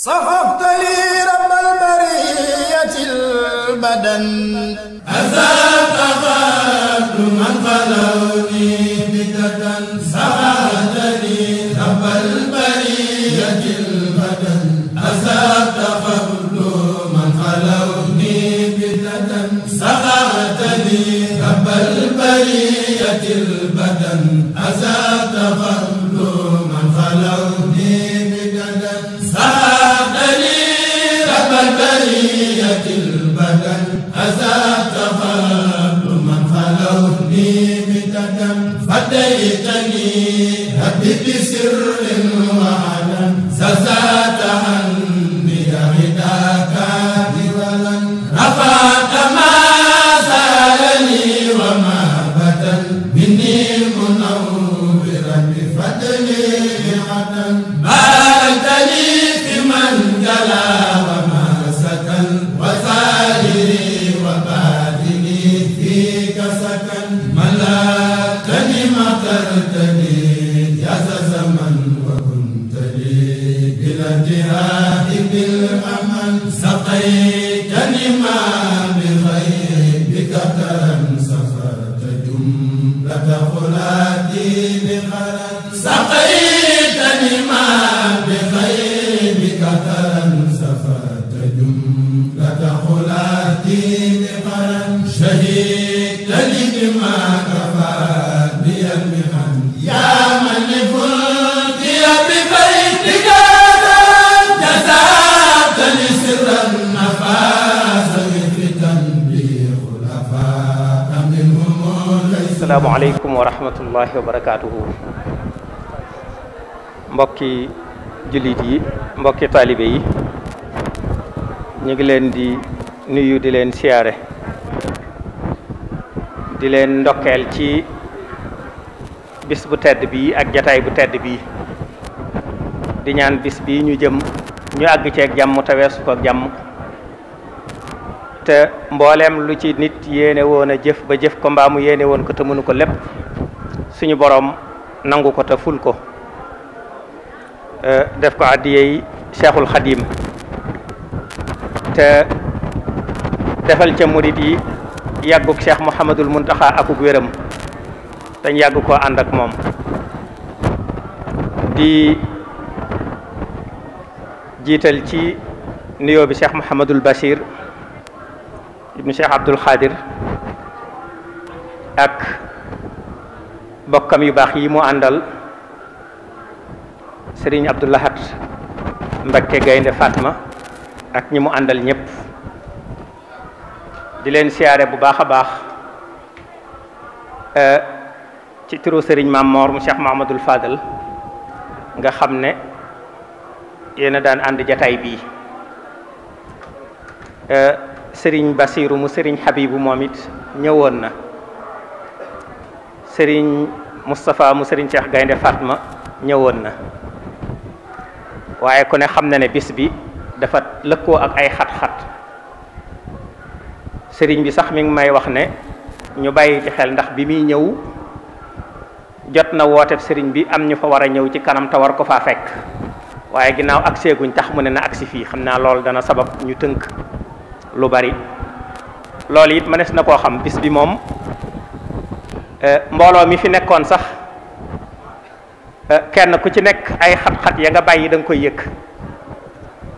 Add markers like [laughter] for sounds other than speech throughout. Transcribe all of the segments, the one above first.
صحبت لي رب البرية البدن asalaamualeykum wa rahmatullahi wa barakaatuhu mbokki jullit yi mbokki taalibe yi ñu ngi leen di nuyu di leen siyaare di leen ndokkeel ci bis bu tedd bii ak jataay bu tedd bii di ñaan bis bii ñu jëm ñu àgg ceeg jàmm te weesu ko te mbooleem lu ci nit yéene woon a jëf ba jëf ko mbaamu yéene woon ko te mënu ko lépp suñu boroom nangu ko te ful ko euh, def ko àddiyey Cheikhul Xadim te defal ca murit yi yàgguk Cheikh Mouhamadul Muntaxa akuk wéram dañ yàgg koo ànd ak moom di jiital ci nuyoo bi Cheikh Mouhamadul Bachir ibnu Cheikh Abdul Xaadir ak bokkam yu baax yi mu àndal sëriñ Abdul Ahad Mbakke Gaynde Fatma ak ñi mu àndal ñëpp di leen siyaare bu baax a baax eh, ci turu sëriñ Maam Moor mu Cheikh Mahamadul Fadal nga xam ne yéen daan ànd jataay bii eh, sëriñ Basiiru mu sëriñ Xabibu moom it ñëwoon na sëriñ Moustapha mu sëriñ Cheikh Gaynde ma ñëwoon na waaye ku ne xam na ne bis bi dafa lëkkoo ak ay xat-xat sëriñ bi sax mi ngi may wax ne ñu bàyyi ci xel ndax bi muy ñëw jot na wooteeb sëriñ bi am ñu fa war a ñëw ci kanam te war ko faa fekk waaye ginnaaw agseeguñ tax mu ne na agsi fii xam naa loolu dana sabab ñu tënk lu bari loolu it mënees na koo xam bis bi moom eh, mbooloo mi fi nekkoon sax eh, kenn ku ci nekk ay xat-xat ya nga bàyyi da koy yëg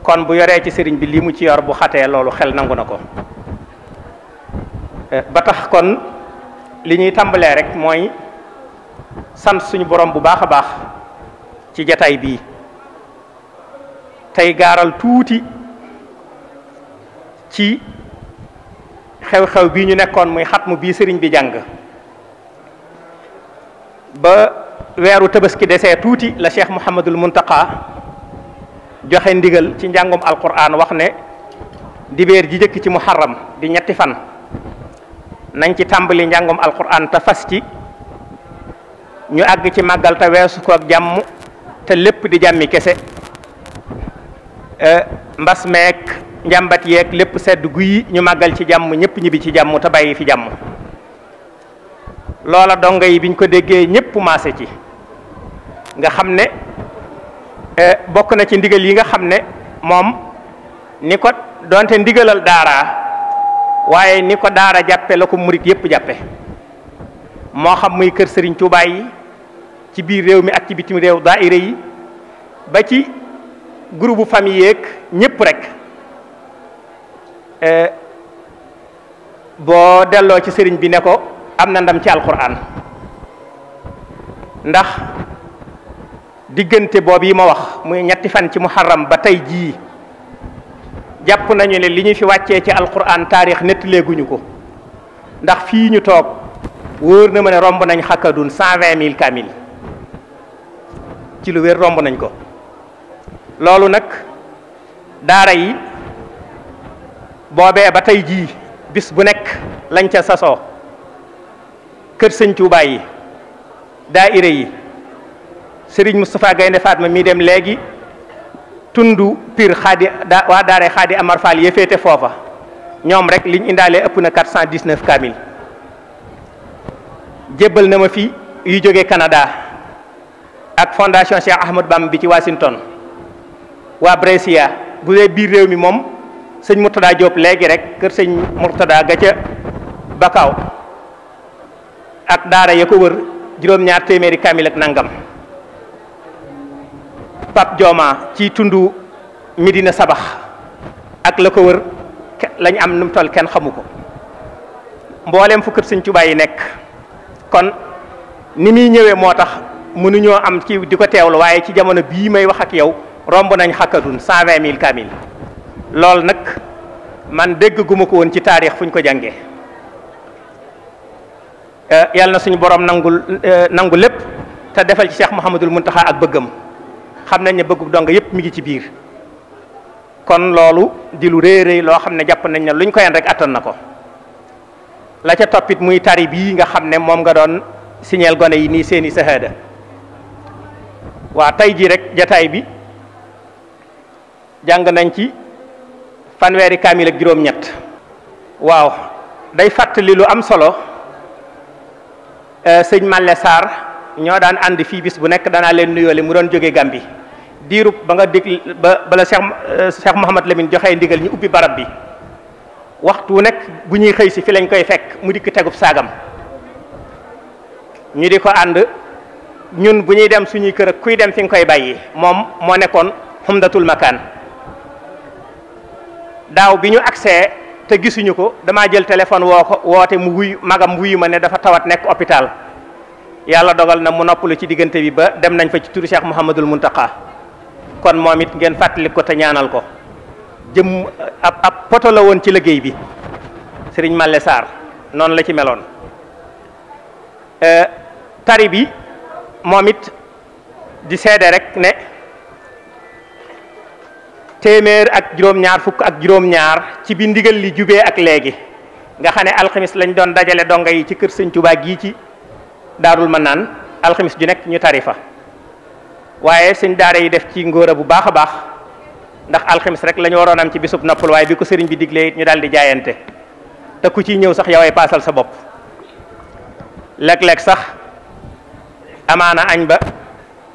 kon bu yoree ci sëriñ bi lii mu ci yor bu xatee loolu xel nangu na ko eh, ba tax kon li ñuy tàmbalee rek mooy sant suñu boroom bu baax a baax ci jataay bii tey gaaral tuuti ci xew-xew bii ñu nekkoon muy xat mu bii sëriñ bi jàng ba weeru tabaski desee tuuti la cheikh Mouhamadul Muntaqa joxe ndigal ci njàngum alquran wax ne dibeer ji jëkk ci muharram di ñetti fan nañ ci tàmbali njàngum alquran te fas ci ñu àgg ci màggal te weesu ko jàmm te lépp di jàmmi kese mbas meek njàmbat yeeg lépp sedd guyi ñu màggal ci jàmm ñëpp ñibbi ci jàmm te bàyyi fi jàmm loola donga yi biñ ko déggee ñëpp maase ci nga xam ne e, bokk na ci ndigal yi nga xam ne moom ni ko donte ndigalal daara waaye ni ko daara jàppe la ko murit yëpp jàppe moo xam muy kër sëriñ Tuubaa yi ci biir réew mi ak ci bitim réew daayira yi ba ci groupe famille yeeg ñëpp rek Eh, boo delloo ci sëriñ bi ne ko am na ndam ci alquran ndax diggante boob yi ma wax muy ñetti fan ci muharram ba tey jii jàpp nañu ne li ñu fi wàccee ci alquran taarix nettaleeguñu ko ndax fii ñu toog wóor na ma ne romb nañ xakkadun cent vingt mille kamil ci lu wér romb nañ ko loolu nag daara yi boobee ba tey jii bis bu nekk lañ ca sasoo kër sëñ Tuubaa yi daayira yi sëriñ Moustapha Gaynde Fatma mii dem léegi tundu pir xaadi da waa daare xaadi Amar Fall foofa ñoom rek liñ indaale ëpp na 419 kaamil jébbal na ma fi yu jóge Canada ak fondation Cheikh Ahmad Bam bi ci Washington waa Brescia bu dee biir réew mi moom sëñ Mourtada Diop léegi rek kër sëñ Mourtada ga ca ak daara ya ko wër juróom-ñaar téeméeri kaamil ak nangam Pap Jooma ci tundu Medina Sabax ak la ko wër lañ am nu toll kenn xamu ko mboolem fu kër sëñ Tuubaa yi nekk kon ni muy ñëwee moo tax mënuñoo am ci di ko teewlu waaye ci jamono bii may wax ak yow romb nañ xakkadun cent vingt mille kaamil loolu nag man dégg guma ko woon ci taarix fu ñu ko jàngee euh, yàlla na suñu borom nangul euh, nangu lépp te defal ci Cheikh Mouhamadul Muntaxa ak bëggam xam nañ ne bëggu dong yépp mi ngi ci biir kon loolu di lu rëy rëy loo xam ne jàpp nañ ne luñ ko yenn rek attan na ko la ca toppit muy tari bii nga xam ne moom nga doon signeel gone yi nii seeni sahada waa tey jii rek jataay bi jàng nañ ci fanweeri kaamil ak juróom-ñett waaw day fàttali lu am solo eh, sëñ Malle Sarr ñoo daan ànd fii bis bu nekk danaa leen nuyoole mu doon jóge Gàmbi diirub ba nga dig ba bala Cheikh eh, Cheikh Mouhamad Lamine joxe ndigal ñu ubbi barab bi waxtu wu nekk bu ñuy xëy si fi lañ koy fekk mu dikk tegub saagam ñu di ko ànd ñun bu ñuy dem suñuy kër ak kuy dem fi nga koy bàyyi moom moo nekkoon xumdatul makaan daaw bi ñu agsee te gisuñu ko damaa jël téléphone woo ko woote mu wuy magam wuyu ma ne dafa tawat nekk hôpital yàlla dogal na mu noppalu ci diggante bi ba dem nañ fa ci turu Cheikh Mouhamadul Muntaqa kon moom it ngeen fàttali ko te ñaanal ko jëm ab ab poto la woon ci liggéey bi sëriñ Malle Sarr noonu la ci meloon euh, tari bi moom it di seede rek ne téeméer ak juróom-ñaar ak juróom ci bi ndigal li jubee ak léegi nga xam ne alxemes lañ doon dajale donga yi ci kër sëñ Tuubaa gii ci daarul ma naan alxamis ju nekk ñu tarifa waaye sëñ daara yi def ci ngóora bu baax a baax ndax alxamis rek la ñu waroon am ci bisub noppal waaye bi ko sëriñ bi diglee ñu daal di jaayante te ku ciy ñëw sax yow ay paasal sa bopp léeg-léeg sax amaana añ ba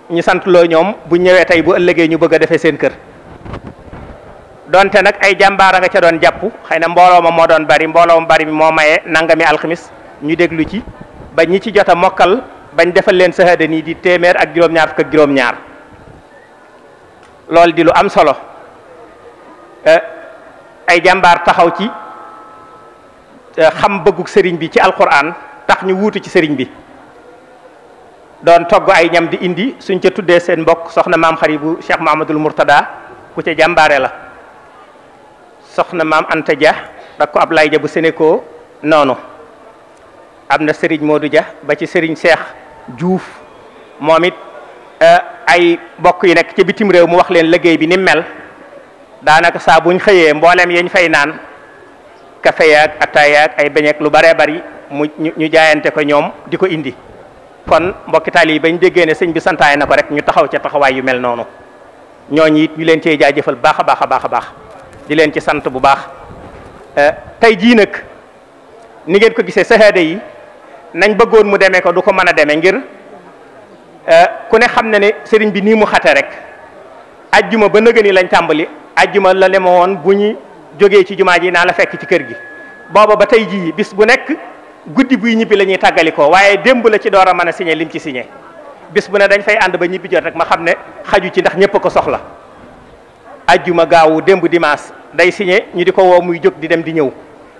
ñu sant loo ñoom bu ñëwee tey bu ëllëgee ñu bëgg a defee seen kër. donte nag ay jàmbaara nga ca doon jàpp xëy na moo doon bari mbooloo bari mi moo maye nangami alxamis ñu déglu ci ba ñi ci jot a mokkal bañ defal leen sahada nii di téeméer ak juróom-ñaar fukk ak juróom-ñaar loolu di lu am solo eh, ay jàmbaar taxaw ci eh, xam bëggug sëriñ bi ci alquran tax ñu wuutu ci sëriñ bi doon togg ay ñam di indi suñ ca tuddee seen mbokk soxna maam xari bu Cheikh Mahamadul Murtada ku ca jàmbaare la soxna maam Anta Dia rak ko Ablaye Dia bu Sénégal noonu am na sëriñ Modou ja ba ci sëriñ Cheikh juuf moom it eh, ay bokk yu nekk ci bitim réew mu wax leen liggéey bi ni mel daanaka saa buñ xëyee mbooleem yañ fay naan kafe yaag ay beñeek lu baree bari mu ñu jaayante ko ñoom di ko indi kon mbokki taal yi bañ déggee ne sëñ bi santaay na ko rek ñu taxaw ca taxawaay yu mel noonu ñooñu it ñu leen cee jaajëfal baax a baax a baax a baax di leen ci sant bu baax euh, tey jii nag ni ngeen ko gisee sahaada yi nañ bëggoon mu demee ko du ko mën a demee ngir euh, ku ne xam ne ne sëriñ bi nii mu xate rek ajjuma ba nëgëni lañ tàmbali ajjuma la lema woon bu ñu jógee ci jumaa ji naa la fekk ci kër gi booba ba tey jii bis bu nekk guddi buy ñibbi la ñuy tàggalikoo waaye démb la ci door a mën a siñe lim ci signé bis bu ne dañ fay ànd ba ñibbi jot rek ma xam ne xaju ci ndax ñëpp ko soxla ajjuma gaawu démb dimanche day signé ñu di ko woo muy jóg di dem di ñëw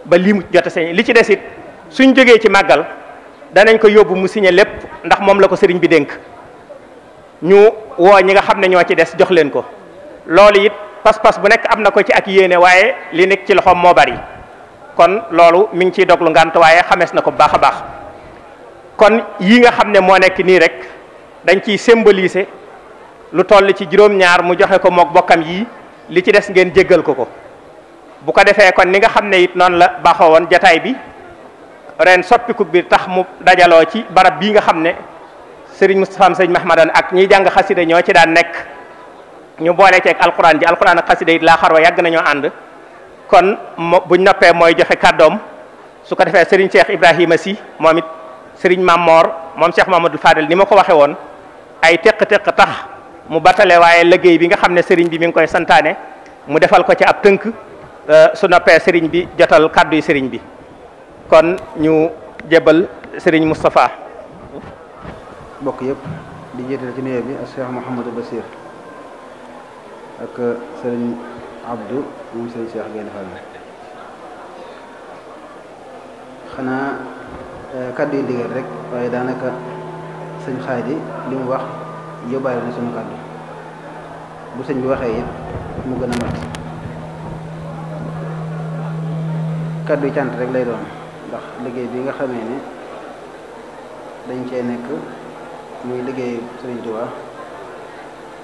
ba lii mu jot a li ci des it suñ jógee ci màggal danañ ko yóbbu mu signé lépp ndax moom la ko sëriñ bi dénk ñu woo ñi nga xam ne ñoo ci des jox leen ko loolu it pas-pas bu nekk am na ko ci ak yéene waaye li nekk ci loxoom moo bari kon loolu mi ngi ciy doglu ngant waaye xamees na ko bu baax a baax kon yi nga xam ne moo nekk nii rek dañ ciy symboliser lu toll ci juróom-ñaar mu joxe ko mook bokkam yi li ci des ngeen jéggal ko ko bu ko defee kon ni nga xam ne it noonu la baaxoo woon jataay bi ren soppiku biir tax mu dajaloo ci barab bii nga xam ne sëriñ Moustapha sëriñ Mahmadan ak ñiy jàng xasida ñoo ci daan nekk ñu boole ceeg ji alquran ak xasida it laa xarwa yàgg nañoo ànd kon buñ noppee mooy joxe kàddoom su ko defee sëriñ Cheikh Ibrahima si moom it sëriñ Mamor moom Cheikh Mamadou Fadel ni ma ko waxee woon ay teq-teq tax mu batale waaye liggéey bi nga xam ne sëriñ bi mi ngi koy santaane mu defal ko ci ab tënk Euh, su noppee sëriñ bi jotal kàddu sëriñ bi kon ñu jébal sëriñ Moustapha. mbokk yëpp di jiital ci nuyoo bi ak Cheikh Mouhamadou Bassir ak sëriñ Abdou moom sëriñ Cheikh Gaïndé Fatma xanaa euh, kàddu yi rek waaye daanaka sëñ Xaadi li mu wax yóbbaale na sunu kàddu bu sëñ bi waxee yëpp mu gën a mat. kaddu cant rek lay doon ndax liggéey bi nga xamee ne dañ cee nekk muy liggéey Sëriñ Tuubaa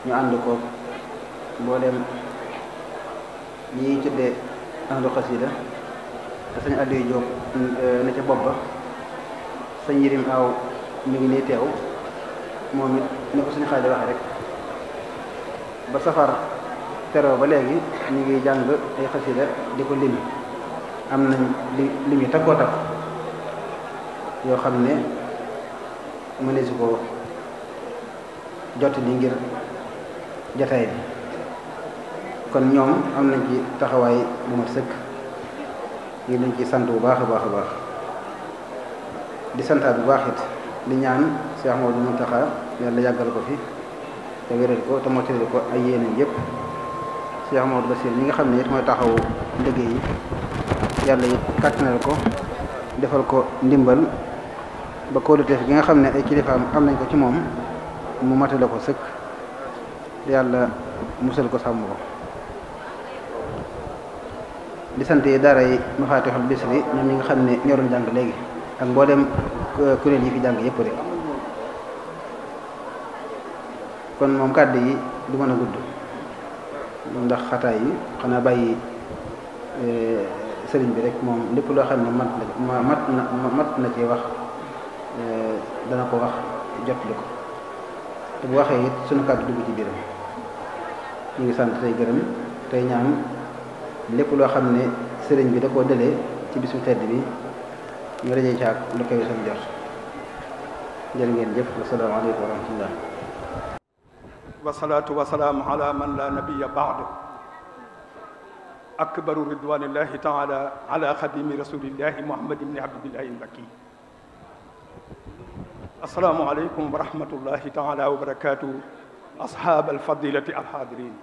ñu ànd ko mboolem ñi tuddee ahlu xasida te sëñ Aliou Diop eh, ne ca bopp ba sëñ Yirim Aw ñu ngi nii teew moom it ne ko suñu xaaj waxe rek ba safar teroo ba léegi ñu ngi jàng ay xasida di ko lim am nañ li li ñu takkoo takk yoo xam ne mënees ko jot li ngir jataay bi kon ñoom am nañ ci taxawaay bu mat sëkk ñu leen ci sant bu baax a baax a baax di santaat bu baax it di ñaan Cheikh Maodo Mountakha yàlla yàggale ko fi te wéral ko te mottali ko ay yéeneen yëpp Cheikh Maodo Bassir ñi nga xam ne it mooy taxawu liggéey yi yàlla yi kàttanal ko defal ko ndimbal ba kóoluteef gi nga xam ne ay kilifaam am nañ ko ci moom mu matale ko sëkk yàlla musal ko sàmm ko di sant yi daara yi Mafatihul Bichri ñoom ñi nga xam ne ñorul jàng léegi ak mboolem euh, kuréel yi fi jàng yëpp rek kon moom kàddu yi du mën a gudd ndax xataay yi xanaa bàyyi euh, sëriñ bi rek moom lépp loo xam ne mat na mat na mat na ci wax eh, dana ko wax jotli ko te bu waxee it sunu kàddu dugg ci biiram ñu ngi sant tey gërëm tey ñaan lépp loo xam ne sëriñ bi da koo dëlee ci bisu tedd bi ñu rëjee caag lu koy seen jot jërë ngeen jëf wasalaamaaleykum wa rahmatullah wasalaatu wasalaamu ala man la nabiya baadu akbaru ridwanillahi taala ala xadimi rasulillahi muhammad ibni abdillahi mbakki asalaamu aleykum wa rahmatullahi taala wa barakatuh ashab alfadilati alhaadirin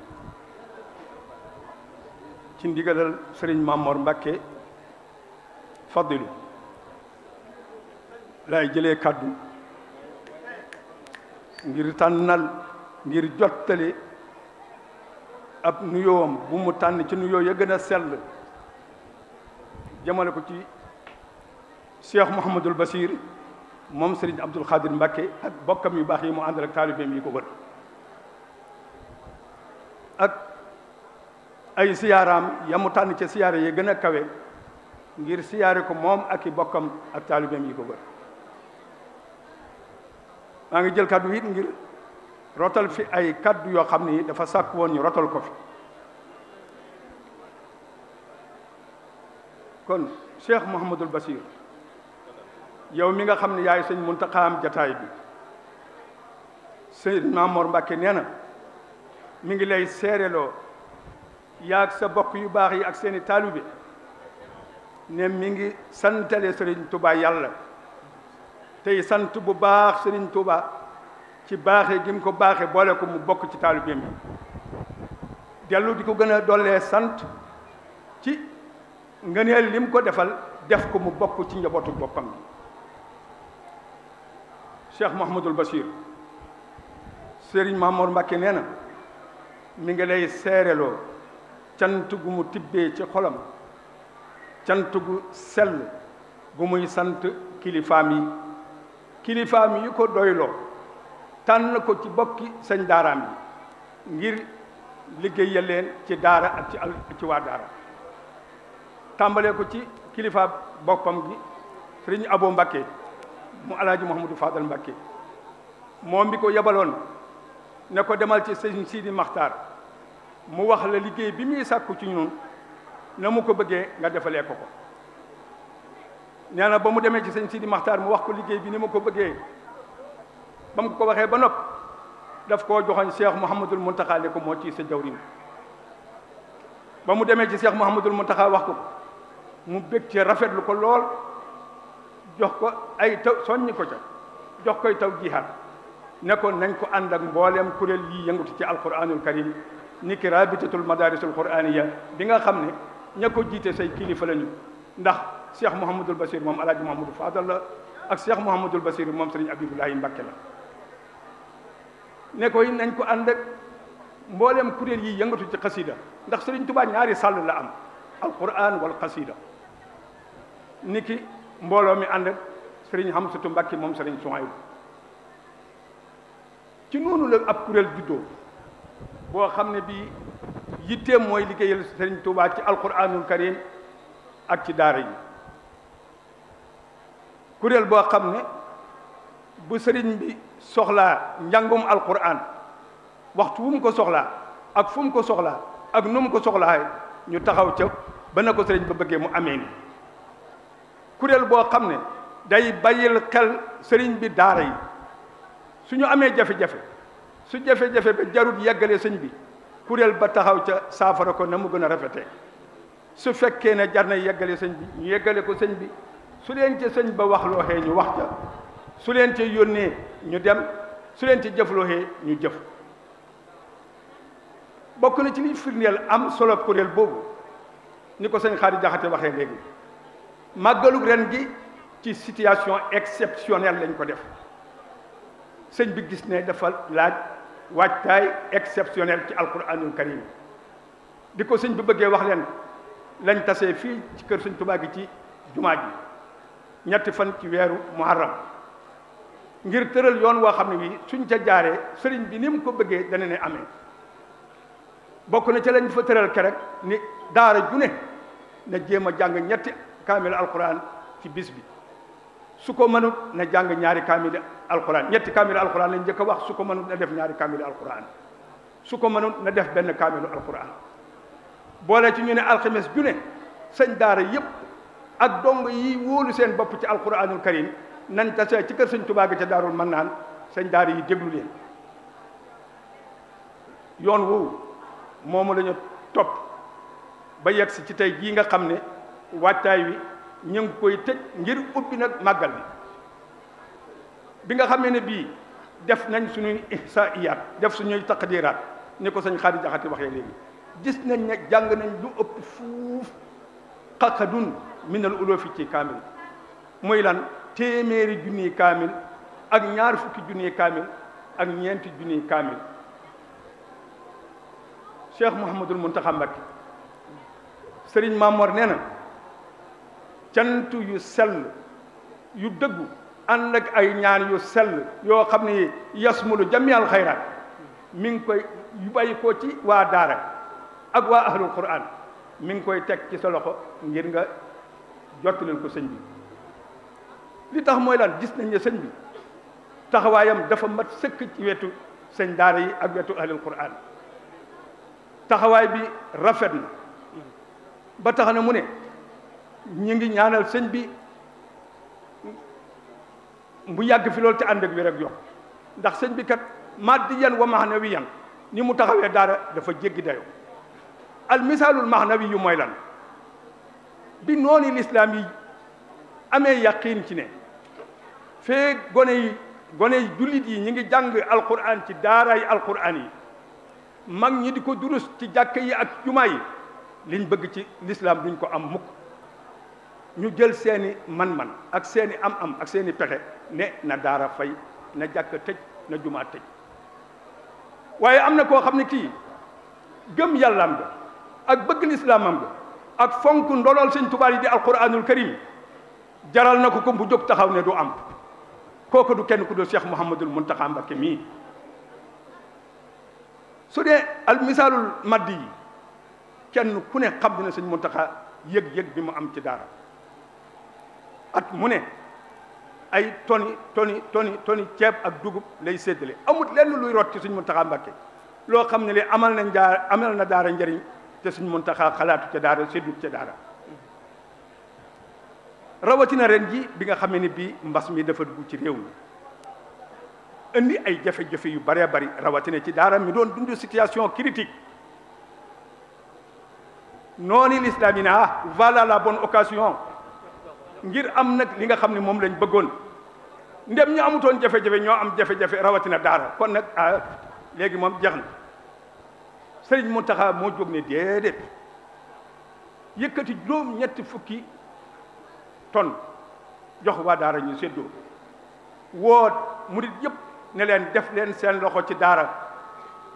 ci ndigalal sëriñ Mamor Mbàkke fadilu laay jëlee kàddu ngir tànnal ngir jottale ab nuyoom bu mu tànn ci nuyoo ya gën a sell jamano ko ci cheikh mouhamadul basir moom sëriñ abdul xaadir mbàkke ak bokkam yu baax yi mu àndal ak taalibeem yi ko wër ak ay siyaaraam ya mu tànn ci siyaare ya gën a kawe ngir siyaare ko moom ak i bokkam ak taalibeem yi ko wër maa ngi jël kàddu it ngir rotal fi ay kàddu yoo xam ni dafa sàkk woon ñu rotal ko kon Cheikh Mouhamadul Basir yow mi nga xam ne yaay sëñ Muntaxaam jataay bi sëñ Maamoor Mbàkke nee na mi ngi lay seereloo yaag sa bokk yu baax yi ak seeni taalu taalibe ne mi ngi santale sëriñ Tuubaa yàlla tey sant bu baax sëriñ Tuubaa ci baaxe gi mu ko baaxe boole ko mu bokk ci taalibeem yi dellu di ko gën a dollee sant ci ngëneel lim ko defal def ko mu bokk ci njabootu boppam Cheikh Mouhamadul Bachir Serigne Mamour nee na mi ngi lay seereloo cant gu mu tibbee ci xolam cant gu sell gu muy sant kilifaam yi kilifaam yi ko doyloo tànn ko ci bokki sëñ daaraam yi ngir liggéeyal leen ci daara ak ci ci waa daara tàmbalee ko ci kilifa boppam gi sëriñ Abo Mbakke mu alaaji Mouhamadou Fadal Mbakke moom bi ko yebaloon ne ko demal ci sëñ Sidi Maxtaar mu wax la liggéey bi muy sàkku ci ñun na mu ko bëggee nga defalee ko ko nee na ba mu demee ci sëñ Sidi Maxtaar mu wax ko liggéey bi ni mu ko bëggee ba ko waxee ba nopp def koo joxoñ Cheikh Mouhamadul Mountakha ne ko moo ci sa jawriñ ba mu demee ci Cheikh Mouhamadul Mountakha wax ko mu bég ci rafetlu ko lool jox ko ay taw soññi ko ca jox koy taw jihaat ne ko nañ ko ànd ak mbooleem kuréel yi yëngatu ci alquranul karim ni ki rabitatul madarisul quraniya bi nga xam ne ña ko jiite say kilifa lañu ndax Cheikh Mouhamadul Bachir moom alaaji Mouhamadou Fadal la ak Cheikh Mouhamadul Bachir moom sëriñ Abibulahi Mbakke la ne koy nañ ko ànd ak mbooleem kuréel yi yëngatu ci xasida ndax Sëriñ Tuubaa ñaari sàll la am alquran wal xasida ni ki mbooloo mi ànd ak Sëriñ Xamsatu moom Sëriñ Suwaybu ci noonu la ab kuréel juddoo boo xam ne bii yitteem mooy liggéeyal Sëriñ Tuubaa ci alquranul karim ak ci daara yi kuréel boo xam ne bu sëriñ bi soxlaa njàngum alquran waxtu wu ko soxlaa ak fum ko soxlaa ak nu mu ko soxlaa ñu taxaw ca ba na ko sëriñ ba bëggee mu amee ni kuréel boo xam ne day bàyyil xel sëriñ bi daara yi su ñu amee jafe-jafe su jafe-jafe ba jarut yeggale sëñ bi kuréel ba taxaw ca saafara ko na mu gën a rafetee su fekkee ne jar na yeggale sëñ bi ñu yeggale ko sëñ bi su leen ca sëñ ba wax looxee ñu wax ca su leen ci yónnee ñu dem su leen ci jëflooxee ñu jëf bokk na ci liy firndeel am solo kuréel boobu ni ko sëñ Xaari Jaxate waxee léegi màggalug ren gi ci situation exceptionnelle lañ ko def sëñ bi gis ne dafa laaj waajtaay exceptionnel ci alquranul karim di ko sëñ bi bëggee wax leen lañ tasee fii ci kër sëñ Tuubaa gi ci jumaa ji ñetti fan ci weeru muharram ngir tëral yoon woo xam ne bii suñ ca jaaree sëriñ bi ni mu ko bëggee dana ne amee bokk na ca lañ fa tëral kerek ni daara ju ne na jéem a jàng ñetti kaamil alquran ci bis bi su ko mënut na jàng ñaari kaamil alquran ñetti kaamil alquran lañ njëkk wax su ko mënut na def ñaari kaamil alquran su ko mënut na def benn kaamilu boole ci ñu ne alxames ju ne sëñ daara yëpp ak dong yi wóolu seen bopp ci alquranul karim nañ tasee ci kër sëñ tubaab gi ca daarul mën naan sañ daara yi déglu leen yoon woowu moomu lañu ñu topp ba yegg si ci tey jii nga xam ne waajtaay wi ñu ngi koy tëj ngir ubbi nag màggal bi bi nga xamee ne bii def nañ sa ihsaa'iyaat def suñuy taqdiraat ni ko sëñ Xaadi Jaxate waxee léegi gis nañ ne jàng nañ lu ëpp fuuf xaqadun minal uloofi ci kaamil muy lan téeméeri junniy kaamil ak ñaar fukki junni kaamil ak ñeenti junniy kaamil Cheikh Mouhamadul Mountakha Mbacké Serigne nee na cant yu sell yu dëggu ànd ak ay ñaan yu sell yoo xam ni yasmulu jamial xayraat mi ngi koy yu bàyyi ci waa daara ak waa ahlul quran mi ngi koy teg ci sa loxo ngir nga jottalen ko sëñ bi li tax mooy lan gis nañ ne sëñ bi taxawaayam dafa mat sëkk ci wetu sëñ daara yi ak wetu ahlul quran taxawaay bi rafet na ba tax na mu ne ñu ngi ñaanal sëñ bi mu yàgg fi loolu te ànd ak wér ak ndax sëñ bi kat maddiyan wa mahnawiyan ni mu taxawee daara dafa jéggi dayoo al misaalul mahnawi yu moy lan bi noonu lislaam yi amee yaqiin ci ne fee gone yi gone yi jullit yi ñi ngi jàng alquran ci daaraay alquran yi mag ñi di ko durus ci jàkka yi ak jumaa yi liñ bëgg ci lislaam duñ ko am mukk ñu jël seeni man-man ak seeni am-am ak seeni pexe ne na daara fay na jàkka tëj na jumaa tëj waaye am na koo xam ne kii gëm yàllaam ga ak bëgg lislaamam bi ak fonk ndolol sëñ tubaar yi di alquranul karim jaral na ko ko bu jóg taxaw ne du am kooku du kenn ku dul Cheikh Mouhamadul Mountakha Mbacké mii su dee al misaalul maddi yi kenn ku ne xam ne sëñ Mountakha yëg-yëg bi mu am ci daara at mu ne ay toni toni toni toni ceeb ak dugub lay séddale amut lenn luy rot ci sëñ Mountakha Mbacké loo xam ne li amal na njaar amal na daara njëriñ te sëñ Mountakha xalaatu ca daara séddut ca daara rawatina ren ji bi nga xamee ni bii mbas mi dafa dugg ci réew mi indi ay jafe-jafe yu bëree bëri rawatina ci daara mi doon dund situation critique noonu l'islam ah, voilà la bonne occasion ngir am nag li nga xam ne moom lañ bëggoon ndem ñu amutoon jafe-jafe ñoo am jafe-jafe rawatina daara kon nag a ah, léegi moom jeex na Sëriñ tax moo jog ne déedéet yëkkati juróom ñetti fukki. tonn jox waa daara ñu séddoo woo murit yëpp ne leen def leen seen loxo ci daara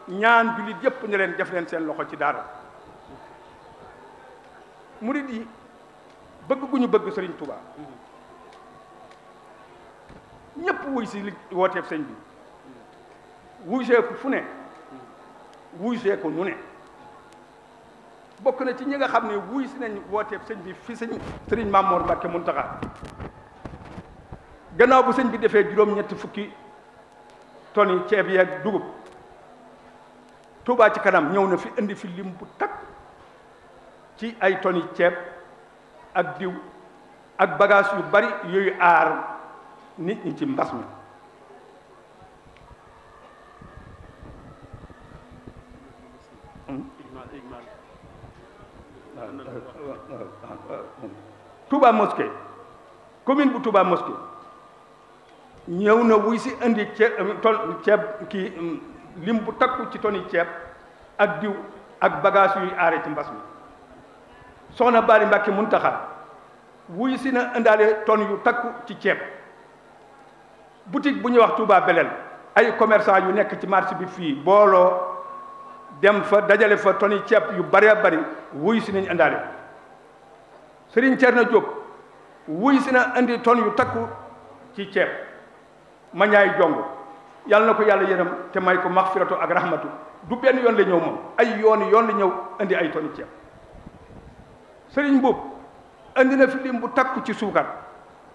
ñaan jullit yëpp ne def leen seen loxo ci daara murit yi bëgg gu ñu bëgg sëriñ Touba ñëpp wuy si li wooteeb sëñ bi wuy see ko fu ne wuy see ko nu ne bokk na ci ñi nga xam ne wuy si nañ wooteeb sëñ bi fi sëñ sëriñ Mamour Mbacke Mountakha gannaaw bu sëñ bi defee juróom-ñetti fukki toni ceeb yeeg dugub Touba ci kanam ñëw na fi indi fi lim bu takk ci ay toni ceeb ak diw ak bagage yu bari yooyu aar nit ñi ci mbas mi Touba mosquée commune bu Touba mosquée ñëw na wuy si indi ceeb euh, ton ceeb kii mm, lim bu takku ci toni ceeb ak diw ak bagage yuy aare ci mbas mi soxna Bali mun taxa wuy si na indaale ton yu takku ci ceeb boutique bu ñuy wax Touba Belel ay commerçant yu nekk ci marché bi fii booloo dem fa dajale fa toni ceeb yu bëree bari wuy si nañ indaale Serigne na Diop wuy si na indi ton yu takku ci ceeb ma ñaay jong yàlla na ko yàlla yërëm te may ko maxfiratu ak rahmatu du benn yoon la ñëw moom ay yoon yoon la ñëw indi ay toni ceeb sëriñ Mboup indi na fi bu takku ci suukar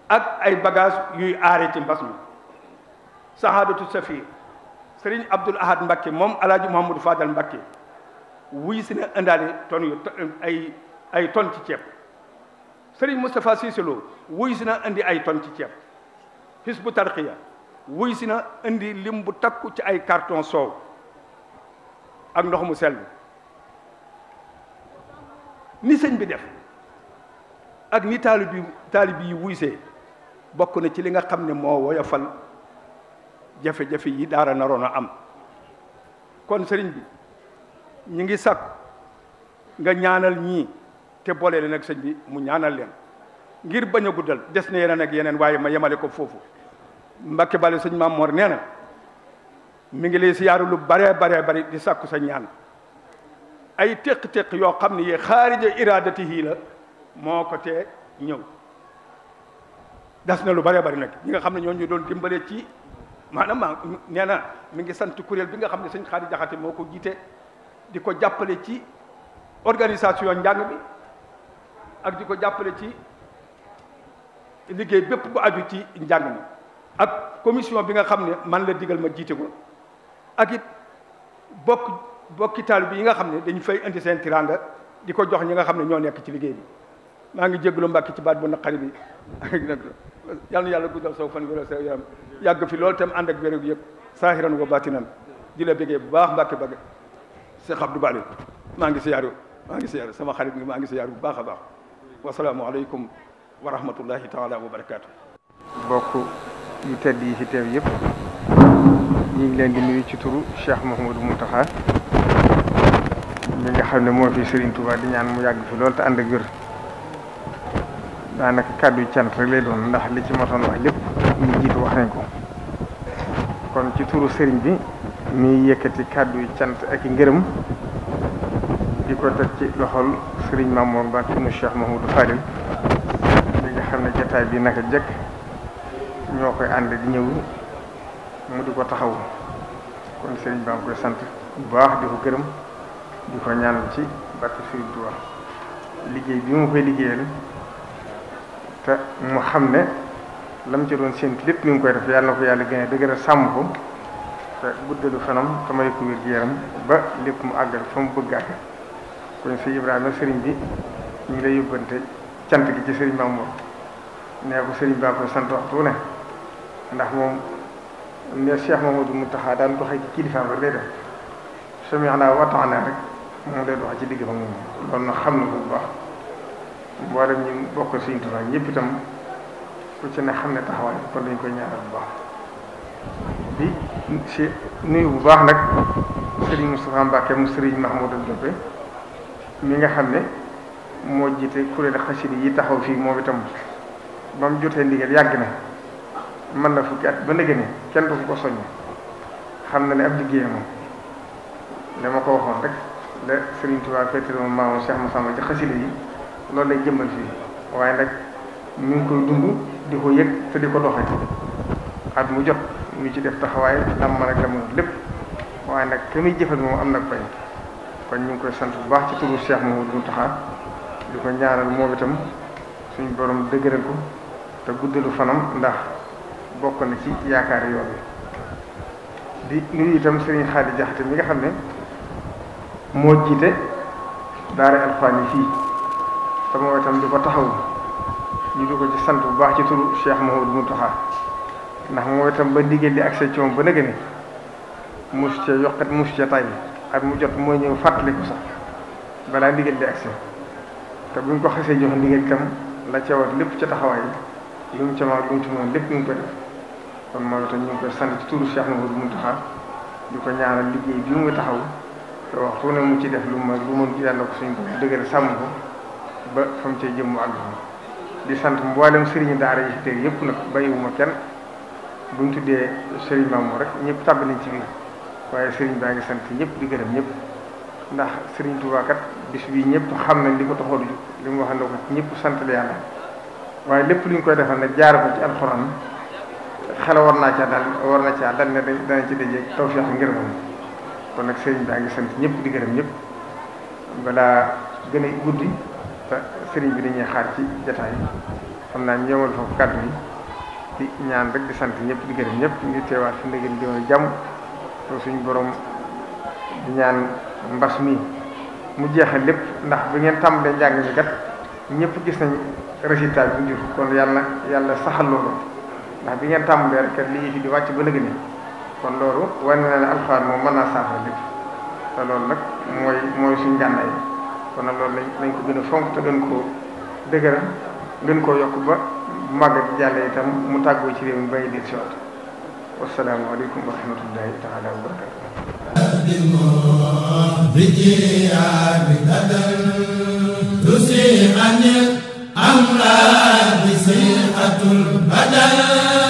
ak ay bagage yuy aare ci mbas mi sahaadatu safir sëriñ Abdoul Ahad Mbacké moom alaaji Mouhamadou Fadal Mbacké wuy si na indaale ton yu ay ay ton ci ceeb Serigne Moustapha Cissé Lo wuy si na indi ay tonnes ci ceeb Hizbut Tarqiyyah wuy si na indi lim bu takku ci ay carton soow ak ndox mu sell ni sëñ bi def ak ni taalib yi taalib yi wuysee bokk na ci li nga xam ne moo woyofal jafe-jafe yi daara naroon a am kon sëriñ bi ñu ngi sakku nga ñaanal ñii boole leen ak sëñ bi mu ñaanal leen ngir bañ a guddal des na yeneen nag yeneen waaye ma yemale ko foofu Mbàkke Bale sëñ Maam Mor nee na mi ngi lay siyaaru lu baree baree bari di sàkku sa ñaan ay téq-téq yoo xam ne yi xaarija iradatihi la moo ko ñëw das na lu baree bari nag ñi nga xam ne ñoo doon dimbale ci maanaam maa nee na mi ngi sant kuréel bi nga xam ne sëñ Xaari Jaxate moo ko jiite di ko jàppale ci organisation njàng bi ak di ko jàppale ci liggéey bépp bu aju ci njàng mi ak commission bi nga xam ne man la digal ma jiite ko ak it bokk bokki taalibe yi nga xam ne dañu fay indi seen tiranga di ko jox ñi nga xam ne ñoo nekk ci liggéey bi maa ngi jégg jégalu mbàkki ci baat bu naqari bi [laughs] yal na yàlla guddal saw fan wéral saw yaram yàgg fi loolu tam ànd ak wér gu yëpp saahiran wa baatinan di la bëggee bu baax mbàkki bëgg Cheikh Abdou Bali maa ngi si yaaru maa ngi si yaaru sama xarit nga maa ngi si yaaru a baax wasalaamualeykum wa rahmatullahi taala wa barakaatu. mbokk yu tedd yi ci teew yëpp ñu ngi leen di nuyu ci turu Cheikh mu Mountakha mi nga xam ne moo fi Serigne Touba di ñaan mu yàgg fi lool te ànd ak wér daanaka kàddu cant rek lay doon ndax li ci mosoon wax lépp ñu jiitu wax ko kon ci turu sëriñ bi mi yëkkati kàddu yi cant ak i ngërëm di ko teg ci loxol. sëriñ Mamour Mbacke mu Cheikh Mahoudou Fadil li nga xam ne jataay bii naka jëkk ñoo koy ànd di ñëw mu di ko taxaw kon sëriñ baa koy sant bu baax di ko gërëm di ko ñaanal ci barke sëriñ Touba liggéey bi mu koy liggéeyal te mu xam ne lam ci doon séntu lépp mi ngi koy def yàlla na ko yàlla gën a dëgëral sàmm ko te guddalu fanam te may ko wér gu ba lépp mu àggal fa mu bëgg kon si Ibrahima sëriñ bi ñu ngi lay yóbbante cant gi ci sëriñ Mamour nee ko sëriñ baa koy sant waxtu ne ndax moom ne Cheikh mu Mountakha daan doxee ci kilifaam rek day def sami'naa rek moom day ci digg fa moom xam na ko bu baax mboolem ñu bokk Sëriñ Tuubaa ñëpp itam xam ne taxawaay kon dañ bu baax nag sëriñ Moustapha Mbacke mu sëriñ Mahmoudou Diop mi nga xam ne moo jiite kuréel xasida yi taxaw fii moom itam ba mu jotee ndigal yàgg na mën na fukki at ba léegi ne kenn du ko soññ xam na ne ab jigéen moom dama ko waxoon rek la Serigne Touba féetale moom maamu ma Massamba ci xasida yi loolu lay jëmmal fii waaye nag mu ngi koy dund di ko yëg te di ko doxe at mu jot ñu ci def taxawaay lam man ak la lépp waaye nag ka muy jëfal moom am nag ko kon ñu ngi koy sant bu baax ci turu Cheikh Mouhamadou Mountakha di ko ñaanal moom itam suñ borom dëgëral ko te guddalu fanam ndax bokk na ci yaakaar yoon bi di nuyu itam Serigne Khady Diakhaté mi nga xam ne moo jiite daara alxuraan yi fii te moom itam di ko taxaw ñu di ko ci sant bu baax ci turu Cheikh Mouhamadou Mountakha ndax moom itam ba ndigal li ak sa coom ba nëgëni mus ca yokkat mus ca tay ak mu jot mooy ñëw fàttaliku sax balaa ndigal di agsi te buñ ko xasee jox ndigal kam la ca lépp ca taxawaay lu mu ca ma ci mën lépp mu ko def kon moo tax ñu ngi koy sant ci turu Cheikh Mouhamadou Mountakha di ko ñaanal liggéey bi mu taxaw te waxtu ne mu ci def lu ma lu mën yàlla ko suñ ko dëgëral sàmm ko ba fa cee jëm di sant mboolem sëriñu daara yi fi teew yëpp nag bàyyiwuma kenn buñ tuddee sëriñ Mamour rek ñëpp tàbb nañ ci biir. waaye sëriñ baa ngi sant ñëpp di gërëm ñëpp ndax sëriñ Tuubaa kat bis bii ñëpp xam nañ li ko taxoon li mu wax ne ko ñëpp sant la yàlla waaye lépp lu ñu koy defal nag jaar ko ci alxuraan xel war naa caa dal war na caa dal ne dana ci daje tawfeex ngir moom kon nag sëriñ baa ngi sant ñëpp di gërëm ñëpp balaa gën a guddi sëriñ bi dañuy xaar ci jataay xam naa ñëwal foofu kàddu yi di ñaan rek di sant ñëpp di gërëm ñëpp ñu teewaat fi mu ne jàmm. suñ borom di ñaan mbas mi mu jeexe lépp ndax bi ngeen tàmbalee njàng mi kat ñëpp gis nañ résultat bi mu jur kon yàlla yàlla saxal loolu ndax bi ngeen tàmbalee kat lii fi di wàcc ba léegi kon loolu wane na ne alxuraan moom mën naa saafara lépp te loolu nag mooy mooy suñ gànnaay kon nag loolu lañ ko gën a fonk te gën koo dëgëral gën koo yokk ba màgg di jàlle itam mu tàggoo ci réew mi ba ñu di si waat wasalaamualeykum wa rahmatullahi taala wa barakatu.